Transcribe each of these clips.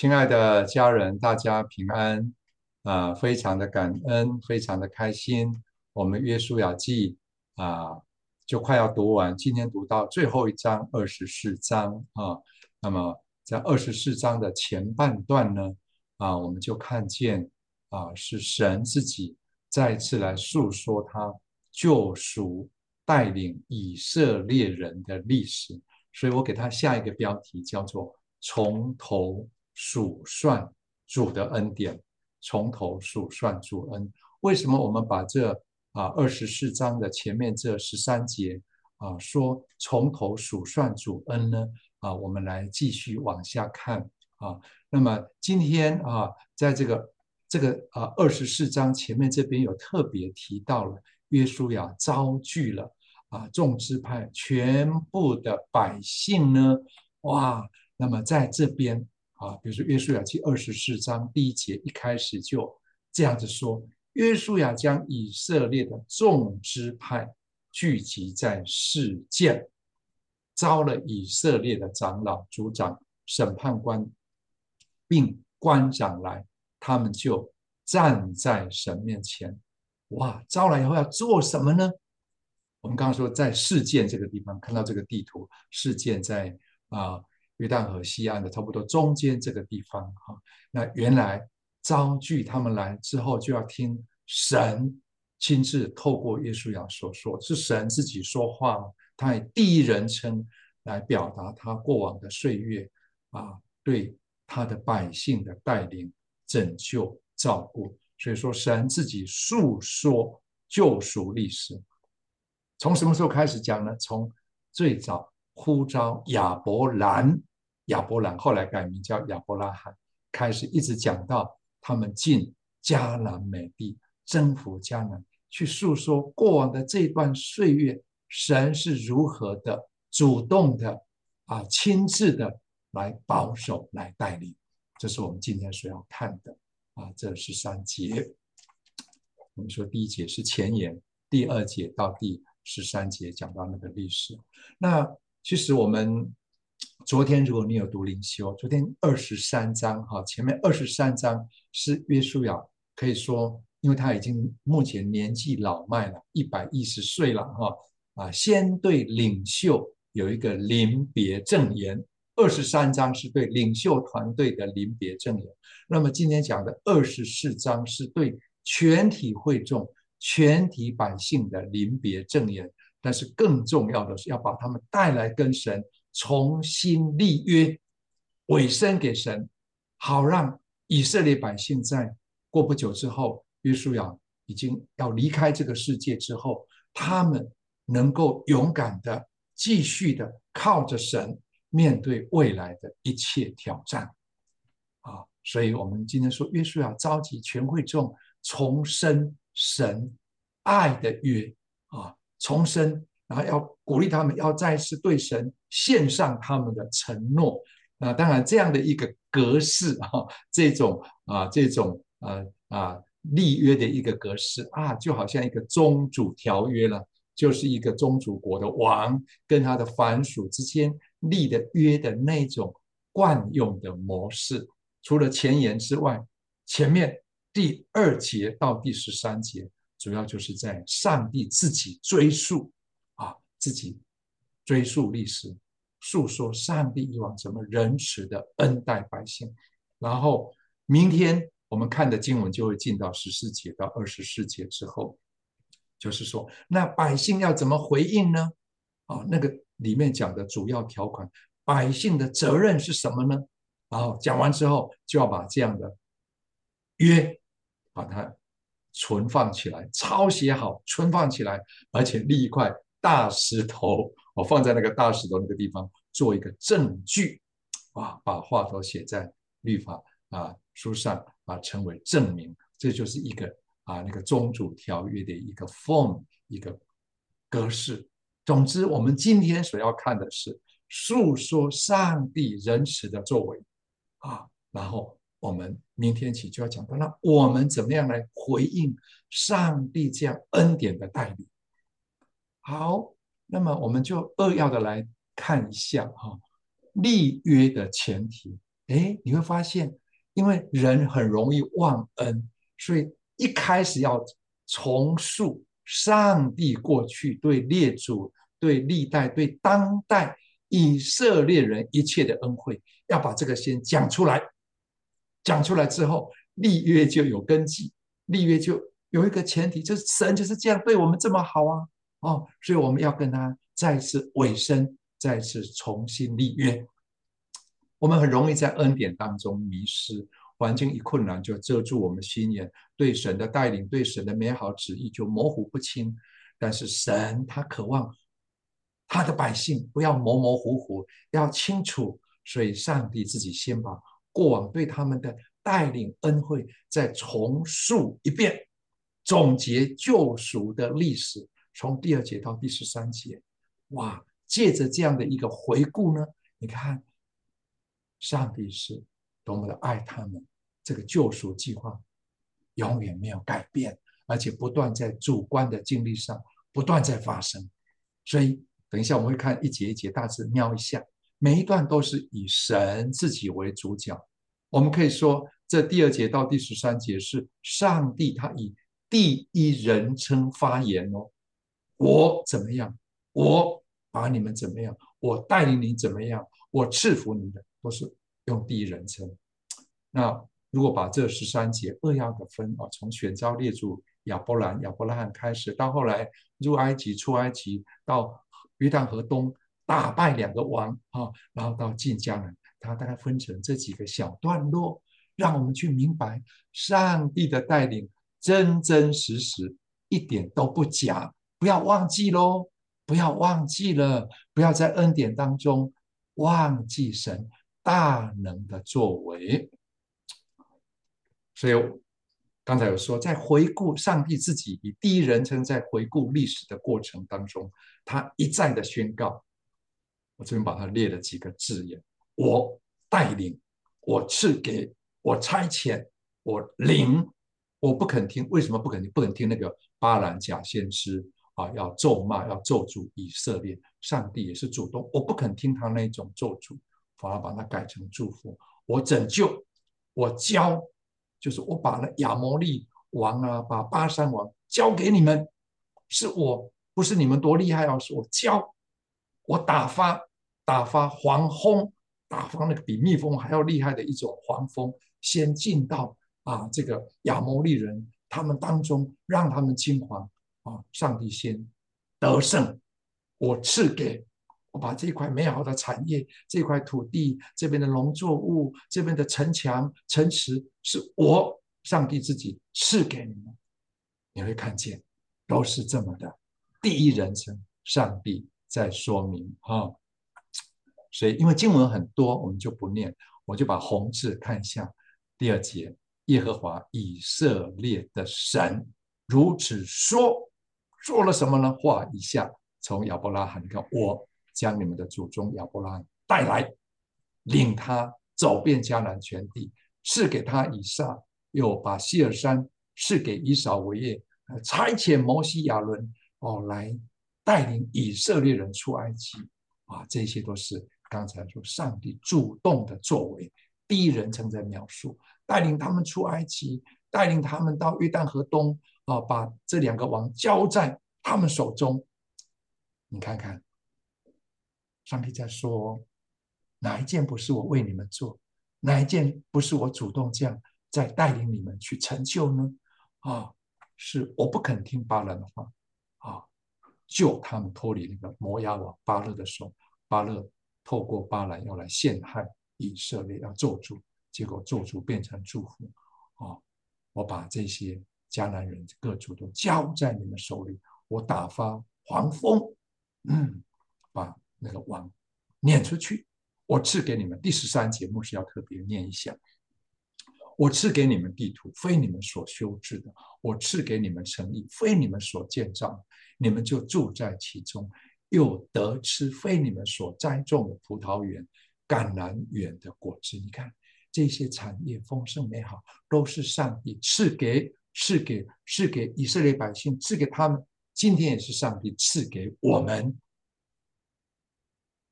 親愛的家人，大家平安，啊、呃，非常的感恩，非常的開心。我們約書亞記啊、呃，就快要讀完，今天讀到最後一章二十四章啊、呃。那麼在二十四章的前半段呢，啊、呃，我們就看見啊、呃，是神自己再次來述說他救贖帶領以色列人的歷史。所以我給他下一個標題叫做“從頭”。數算主的恩典，從頭數算主恩。為什麼我們把這啊二十四章的前面這十三節啊說從頭數算主恩呢？啊，我們來繼續往下看啊。那麼今天啊，在這個這個啊二十四章前面這邊有特別提到了，約書亞召聚了啊，眾支派全部的百姓呢，哇，那麼在這邊。啊，比如說《約書亞記》二十四章第一節一開始就這樣子說：“約書亞將以色列的眾支派聚集在示劍，召了以色列的長老、族長、審判官，並官長來，他們就站在神面前。哇，招來以後要做什麼呢？我們剛剛說在示劍這個地方看到這個地圖，示劍在啊。呃”約旦河西岸的差不多中間這個地方哈，那原來招聚他們來之後，就要聽神親自透過約書亞所說，是神自己說話，他以第一人稱來表達他過往的歲月啊，對他的百姓的帶領、拯救、照顧。所以說，神自己述說救贖歷史，從什麼時候開始講呢？從最早呼召亞伯蘭。亞伯蘭後來改名叫亞伯拉罕，開始一直講到他們進迦南美地，征服迦南，去訴說過往的這段歲月，神是如何的主動的啊，親自的來保守、來帶領。這是我們今天所要看的啊，這十三節。我們說第一節是前言，第二節到第十三節講到那個歷史。那其實我們。昨天如果你有讀靈修，昨天二十三章哈，前面二十三章是約書亞，可以說，因為他已經目前年紀老邁了，一百一十歲了哈啊，先對領袖有一個臨別贈言。二十三章是對領袖團隊的臨別贈言，那麼今天講的二十四章是對全體會眾、全體百姓的臨別贈言。但是更重要的是要把他們帶來跟神。重新立約，委身給神，好讓以色列百姓在過不久之後，約書亞已經要離開這個世界之後，他們能夠勇敢的繼續的靠着神面對未來的一切挑戰。啊，所以我們今天說，約書亞召集全會眾，重生神愛的約啊，重生。然後要鼓勵他們，要再次對神獻上他們的承諾。那、啊、當然，這樣的一個格式啊，這種啊，這種啊啊立約的一個格式啊，就好像一個宗主條約了，就是一個宗主國的王跟他的藩屬之間立的約的那種慣用的模式。除了前言之外，前面第二節到第十三節，主要就是在上帝自己追溯，自己追溯歷史，訴說上帝以往怎麼仁慈的恩待百姓。然後明天我們看的經文就會進到十四節到二十四節之後，就是說那百姓要怎麼回應呢？啊、哦，那個裡面講的主要條款，百姓的責任是什麼呢？然、哦、後講完之後，就要把這樣的約把它存放起來，抄寫好存放起來，而且立一塊大石頭，我放在那個大石頭那個地方做一個證據，啊，把話都寫在律法啊書上啊，成為證明。這就是一個啊那個宗主條約的一個 form 一個格式。總之，我們今天所要看的是訴說上帝仁慈的作為，啊，然後我們明天起就要講到，那我們怎麼樣來回應上帝這樣恩典的帶領？好，那麼我們就扼要的來看一下哈，立約的前提，誒，你會發現，因為人很容易忘恩，所以一開始要重述上帝過去對列祖、對歷代、對當代以色列人一切的恩惠，要把這個先講出來，講出來之後，立約就有根基，立約就有一個前提，就是神就是這樣對我們這麼好啊。哦，所以我們要跟他再次委身，再次重新立約。我們很容易在恩典當中迷失，環境一困難就遮住我們心眼，對神的帶領、對神的美好旨意就模糊不清。但是神他渴望他的百姓不要模模糊糊，要清楚，所以上帝自己先把過往對他們的帶領恩惠再重述一遍，總結救贖的歷史。從第二節到第十三節，哇！借着這樣的一個回顧呢，你看上帝是多麼的愛他們。這個救贖計劃永遠沒有改變，而且不斷在主觀的經歷上不斷在發生。所以，等一下我們會看一節一節，大致瞄一下，每一段都是以神自己為主角。我們可以說，這第二節到第十三節是上帝他以第一人稱發言哦。我怎麼樣？我把你們怎麼樣？我帶領你怎麼樣？我賜福你的，都是用第一人稱。那如果把這十三節扼要的分啊，從選召列祖亞伯蘭、亞伯拉罕開始，到後來入埃及、出埃及，到約旦河東打敗兩個王啊，然後到進迦南，它大概分成這幾個小段落，讓我們去明白上帝的帶領真真實實，一點都不假。不要忘記嘍！不要忘記了！不要在恩典當中忘記神大能的作為。所以剛才有說，在回顧上帝自己以第一人稱在回顧歷史的過程當中，他一再的宣告。我這邊把它列了幾個字眼：我帶領，我賜給，我差遣，我領，我不肯聽，為什麼不肯聽？不肯聽那個巴蘭假先知。啊，要咒罵，要咒詛以色列，上帝也是主動。我不肯聽他那種咒詛，反而把它改成祝福。我拯救，我交，就是我把那亞摩利王啊，把巴珊王交給你們，是我，不是你們多厲害、啊、是我交，我打發打發黃蜂，打發那個比蜜蜂還要厲害的一種黃蜂，先進到啊這個亞摩利人他們當中，讓他們驚慌。上帝先得勝，我賜給我把這塊美好的產業、這塊土地、這邊的農作物、這邊的城牆、城池，是我上帝自己賜給你們。你會看見都是這麼的，第一人稱上帝在說明啊、哦。所以，因為經文很多，我們就不念，我就把紅字看一下。第二節，耶和華以色列的神如此說。做了什麼呢？畫一下，從亞伯拉罕，跟看，我將你們的祖宗亞伯拉罕帶來，領他走遍迦南全地，賜給他以撒，又把希爾山賜給以掃為業，差遣摩西、亞倫哦來帶領以色列人出埃及啊，這些都是剛才說上帝主動的作為，第一人稱在描述，帶領他們出埃及，帶領他們到約旦河東。哦，把這兩個王交在他們手中，你看看，上帝在說哪一件不是我為你們做？哪一件不是我主動這樣在帶領你們去成就呢？啊、哦，是我不肯聽巴蘭的話啊，救、哦、他們脫離那個摩押王巴勒的手。巴勒透過巴蘭要來陷害以色列，要咒詛，結果咒詛變成祝福。啊、哦，我把這些。迦南人各族都交在你們手裡，我打發黃蜂，嗯，把那個王攆出去。我賜給你們第十三節，牧師要特別念一下。我賜給你們地土，非你們所修治的；我賜給你們城邑，非你們所建造的。你們就住在其中，又得吃非你們所栽種的葡萄園、橄欖園的果子。你看這些產業豐盛美好，都是上帝賜給。賜給賜給以色列百姓，賜給他們。今天也是上帝賜給我們，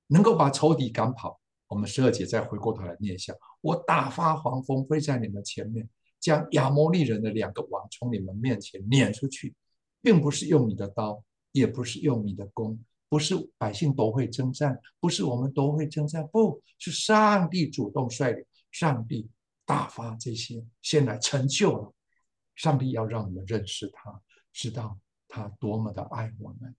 能夠把仇敵趕跑。我們十二節再回過頭來念一下：我打發黃蜂飛在你們前面，將亞摩利人的兩個王從你們面前攆出去，並不是用你的刀，也不是用你的弓，不是百姓都會征戰，不是我們都會征戰，不，是上帝主動率領，上帝打發這些，現在成就了。上帝要讓我們認識他，知道他多麼的愛我們，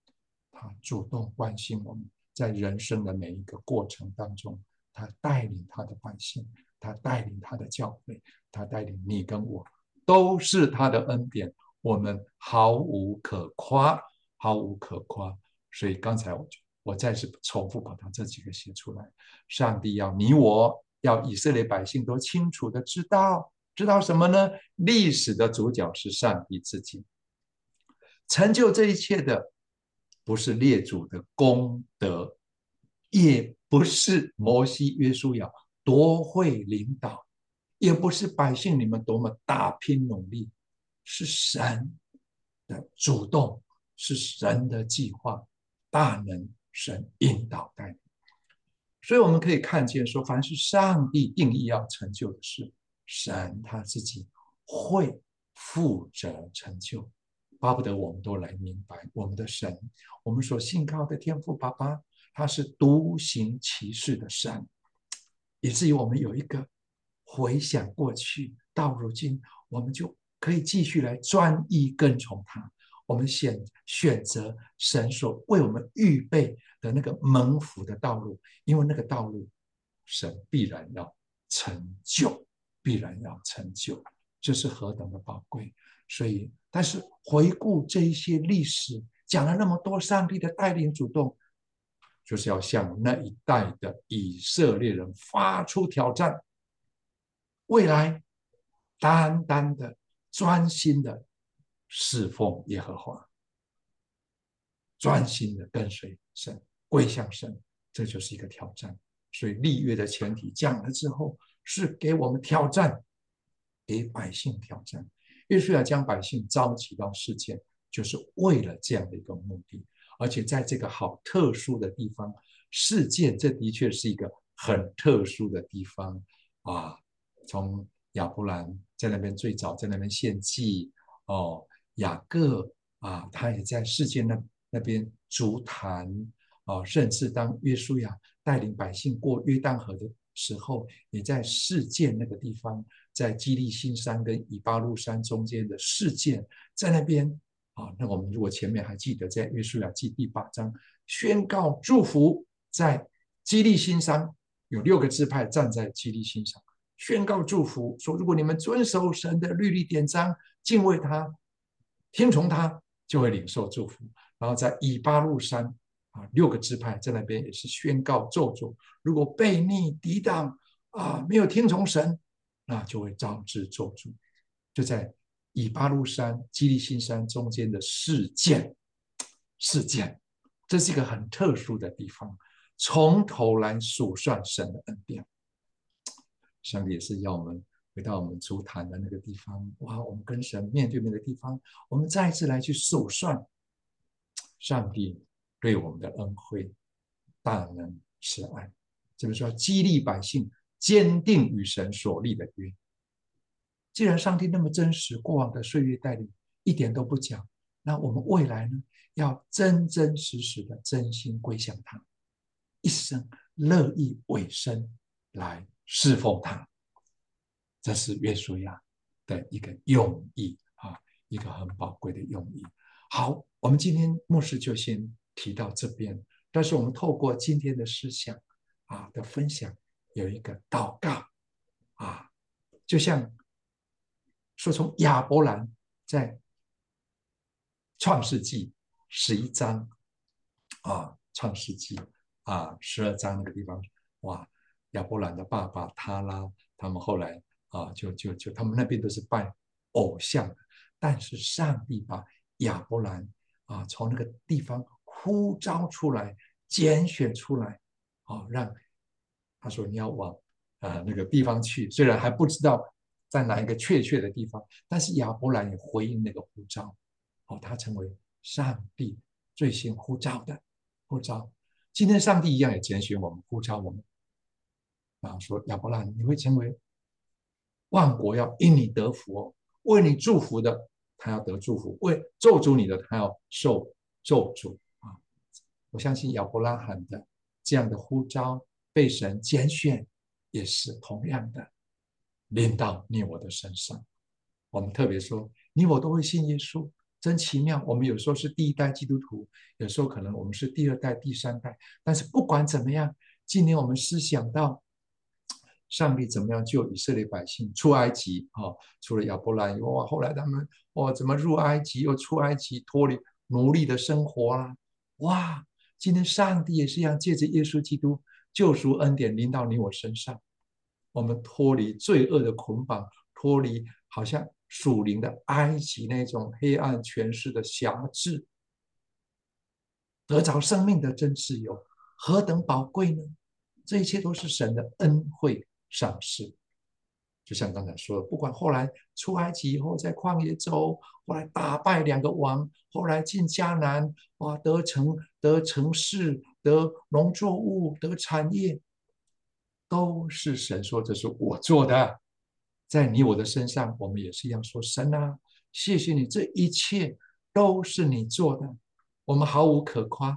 他主動關心我們，在人生的每一個過程當中，他帶領他的百姓，他帶領他的教會，他帶領你跟我，都是他的恩典，我們毫無可誇，毫無可誇。所以剛才我就我再次重複，把他這幾個寫出來：上帝要你我，我要以色列百姓都清楚的知道。知道什麼呢？歷史的主角是上帝自己，成就這一切的，不是列祖的功德，也不是摩西、約書亞多會領導，也不是百姓你們多麼打拼努力，是神的主動，是神的計劃，大能神引導帶領。所以我們可以看見說，說凡是上帝定義要成就的事。神他自己會負責成就，巴不得我們都來明白我們的神，我們所信靠的天父爸爸，他是獨行其事的神，以至於我們有一個回想過去到如今，我們就可以繼續來專一跟從他。我們選選擇神所為我們預備的那個蒙福的道路，因為那個道路，神必然要成就。必然要成就，這是何等的寶貴！所以，但是回顧這一些歷史，講了那麼多上帝的帶領主動，就是要向那一代的以色列人發出挑戰：未來單單的、專心的侍奉耶和華，專心的跟隨神、歸向神，這就是一個挑戰。所以立約的前提講了之後。是給我們挑戰，給百姓挑戰。約書亞將百姓召集到示劍，就是為了這樣的一個目的。而且在這個好特殊的地方，示劍這的確是一個很特殊的地方啊。從亞伯蘭在那邊最早在那邊獻祭哦，雅各啊，他也在示劍那那邊築壇哦，甚至當約書亞帶領百姓過約旦河的。時候，你在示劍那個地方，在基利心山跟以巴路山中間的示劍，在那邊啊。那我們如果前面還記得，在約書亞記第八章，宣告祝福在新，在基利心山有六個支派站在基利心山宣告祝福，說如果你們遵守神的律例典章，敬畏他，聽從他，就會領受祝福。然後在以巴路山。六個支派在那邊也是宣告咒詛，如果悖逆抵擋啊，沒有聽從神，那就會招致咒詛。就在以巴路山、基利心山中間的事件，事件，這是一個很特殊的地方。從頭來數算神的恩典，上帝也是要我們回到我們主壇的那個地方，哇！我們跟神面對面的地方，我們再一次來去數算上帝對我們的恩惠、大能、慈愛，怎麼說？激勵百姓堅定與神所立的約。既然上帝那麼真實，過往的歲月帶領一點都不假，那我們未來呢？要真真實實的真心歸向他，一生樂意委身來侍奉他。這是約書亞的一個用意啊，一個很寶貴的用意。好，我們今天牧師就先。提到這邊，但是我們透過今天的思想啊的分享，有一個禱告啊，就像說，從亞伯蘭在創世紀十一章啊，創世紀啊十二章那個地方，哇，亞伯蘭的爸爸他拉，他們後來啊，就就就他們那邊都是拜偶像的，但是上帝把亞伯蘭啊從那個地方。呼召出來，揀選出來，哦，讓他說你要往啊、呃、那個地方去，雖然還不知道在哪一個確切的地方，但是亞伯蘭也回應那個呼召，哦，他成為上帝最先呼召的呼召。今天上帝一樣也揀選我們，呼召我們。然、啊、後說亞伯蘭，你會成為萬國，要因你得福，為你祝福的，他要得祝福；為咒詛你的，他要受咒詛。我相信亞伯拉罕的這樣的呼召被神揀選，也是同樣的臨到你我的身上。我們特別說，你我都會信耶穌，真奇妙！我們有時候是第一代基督徒，有時候可能我們是第二代、第三代。但是不管怎麼樣，今天我們思想到上帝怎麼樣救以色列百姓出埃及啊，哦、除了亞伯拉以外哇，後來他們哦，怎麼入埃及又出埃及，脫離奴隸的生活啦、啊，哇！今天，上帝也是一樣，借着耶穌基督救贖恩典，臨到你我身上，我們脫離罪惡的捆綁，脫離好像屬靈的埃及那種黑暗權勢的轄制，得着生命的真自由，何等寶貴呢？這一切都是神的恩惠賞賜。就像剛才說的，不管後來出埃及以後在曠野走，後來打敗兩個王，後來進迦南，哇，得城、得城市、得農作物、得產業，都是神說這是我做的。在你我的身上，我們也是一樣說神啊，謝謝你，這一切都是你做的，我們毫無可誇。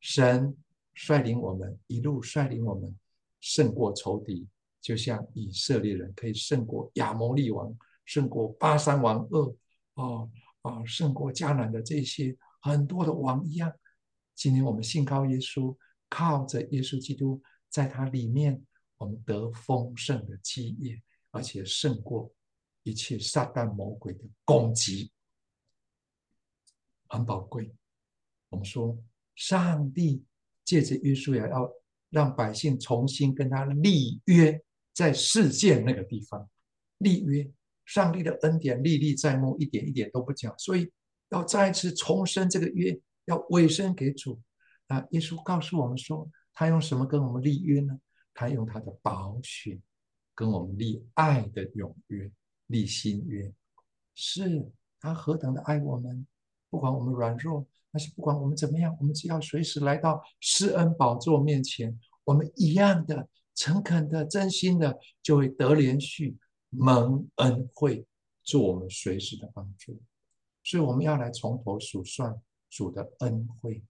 神率領我們，一路率領我們勝過仇敵。就像以色列人可以勝過亞摩利王、勝過巴珊王噩，啊、哦、啊、哦，勝過迦南的這些很多的王一樣。今天我們信靠耶穌，靠着耶穌基督，在他裡面，我們得豐盛的基業，而且勝過一切撒旦魔鬼的攻擊，很寶貴。我們說，上帝借着耶穌也要讓百姓重新跟他立約。在世界那個地方立約，上帝的恩典歷歷在目，一點一點都不假。所以要再次重申這個約，要委身給主。啊，耶穌告訴我們說，他用什麼跟我們立約呢？他用他的寶血跟我們立愛的永約、立新約。是他何等的愛我們，不管我們軟弱，還是不管我們怎麼樣，我們只要隨時來到施恩寶座面前，我們一樣的。誠懇的、真心的，就會得憐恤，蒙恩惠，作我們隨時的幫助。所以我們要來從頭數算主的恩惠。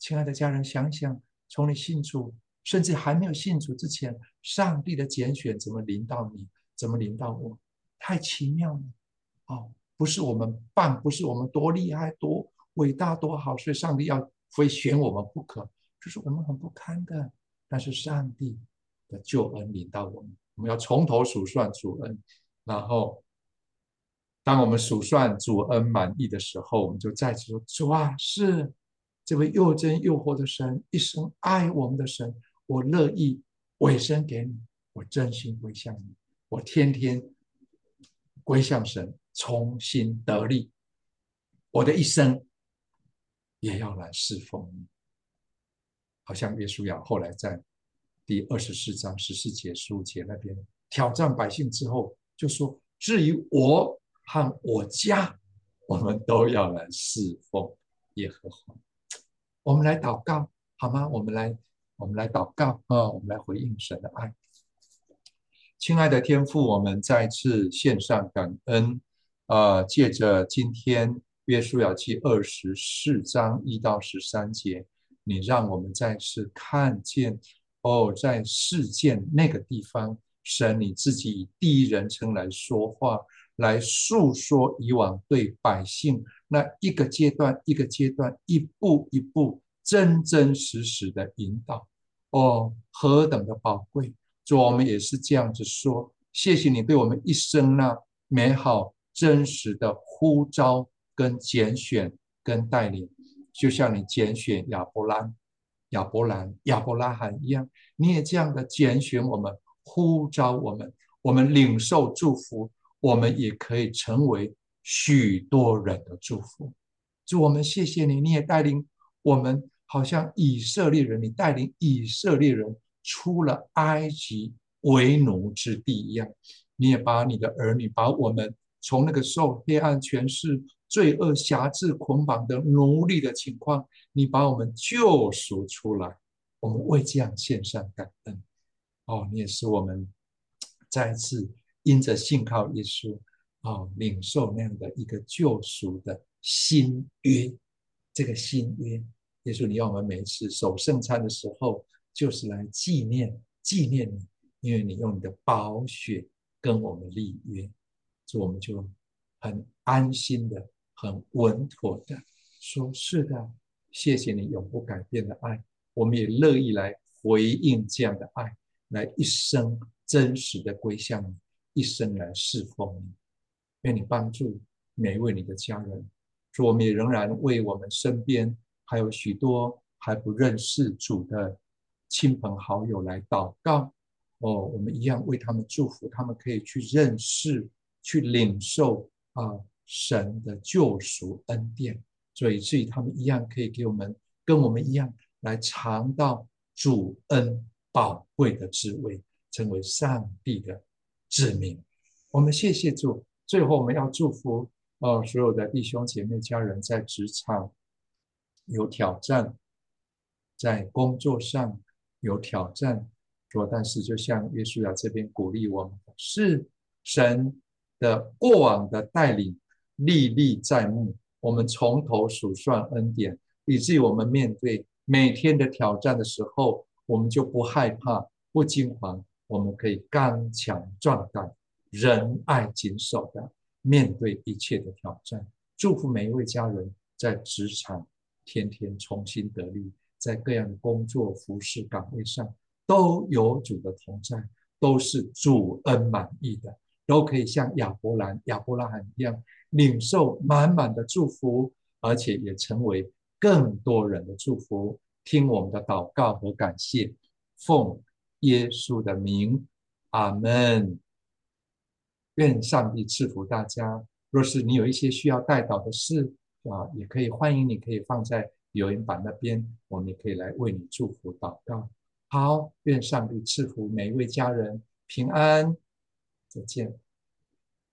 親愛的家人，想想從你信主，甚至還沒有信主之前，上帝的揀選怎麼臨到你，怎麼臨到我，太奇妙了！哦，不是我們棒，不是我們多厲害、多偉大、多好，所以上帝要非選我們不可，就是我們很不堪的。但是上帝。的救恩臨到我們，我們要從頭數算主恩，然後當我們數算主恩滿意的時候，我們就再次說：主啊，是這位又真又活的神，一生愛我們的神，我樂意委身給你，我真心歸向你，我天天歸向神，重新得力，我的一生也要來侍奉你。好像約書亞後來在。第二十四章十四節、十五節那邊挑戰百姓之後，就說：“至於我和我家，我們都要來侍奉耶和華。我們來禱告好嗎？我們來，我們來禱告啊！我們來回應神的愛，親愛的天父，我們再次獻上感恩。啊、呃，借着今天約書亞記二十四章一到十三節，你讓我們再次看見。”哦，oh, 在事件那個地方，神你自己以第一人稱來說話，來訴說以往對百姓那一個階段一個階段一步一步真真實實的引導，哦、oh，何等的寶貴！主，我們也是這樣子說，謝謝你對我們一生那美好真實的呼召、跟揀選、跟帶領，就像你揀選亞伯蘭。亞伯蘭、亞伯拉罕一樣，你也這樣的揀選我們，呼召我們，我們領受祝福，我們也可以成為許多人的祝福。主，我們謝謝你，你也帶領我們，好像以色列人，你帶領以色列人出了埃及為奴之地一樣，你也把你的兒女，把我們從那個受黑暗權勢。罪惡、轄制、捆綁的奴隸的情況，你把我們救贖出來，我們為這樣獻上感恩。哦，你也是我們再一次因着信靠耶穌，哦，領受那樣的一個救贖的新約。這個新約，耶穌，你要我們每一次守聖餐的時候，就是來紀念、紀念你，因為你用你的寶血跟我們立約，所以我們就很安心的。很穩妥的說，是的，謝謝你永不改變的愛，我們也樂意來回應這樣的愛，來一生真實的歸向你，一生來侍奉你。願你幫助每一位你的家人，說我們也仍然為我們身邊還有許多還不認識主的親朋好友來禱告。哦，我們一樣為他們祝福，他們可以去認識、去領受啊。呃神的救贖恩典，所以至於他們一樣可以給我們，跟我們一樣來嘗到主恩寶貴的滋味，成為上帝的子民。我們謝謝主。最後，我們要祝福哦，所有的弟兄姐妹家人，在職場有挑戰，在工作上有挑戰。所但是，就像約書亞這邊鼓勵我們，是神的過往的帶領。歷歷在目，我們從頭數算恩典，以至於我們面對每天的挑戰的時候，我們就不害怕、不驚慌，我們可以剛強壯膽、壯大、仁愛、謹守的面對一切的挑戰。祝福每一位家人在職場天天重新得力，在各樣的工作服事崗位上都有主的同在，都是主恩滿意的。都可以像亞伯蘭、亞伯拉罕一樣，領受滿滿的祝福，而且也成為更多人的祝福。聽我們的禱告和感謝，奉耶穌的名，阿門。願上帝賜福大家。若是你有一些需要代禱的事啊，也可以歡迎，你可以放在留言板那邊，我們也可以來為你祝福禱告。好，願上帝賜福每一位家人平安。再見。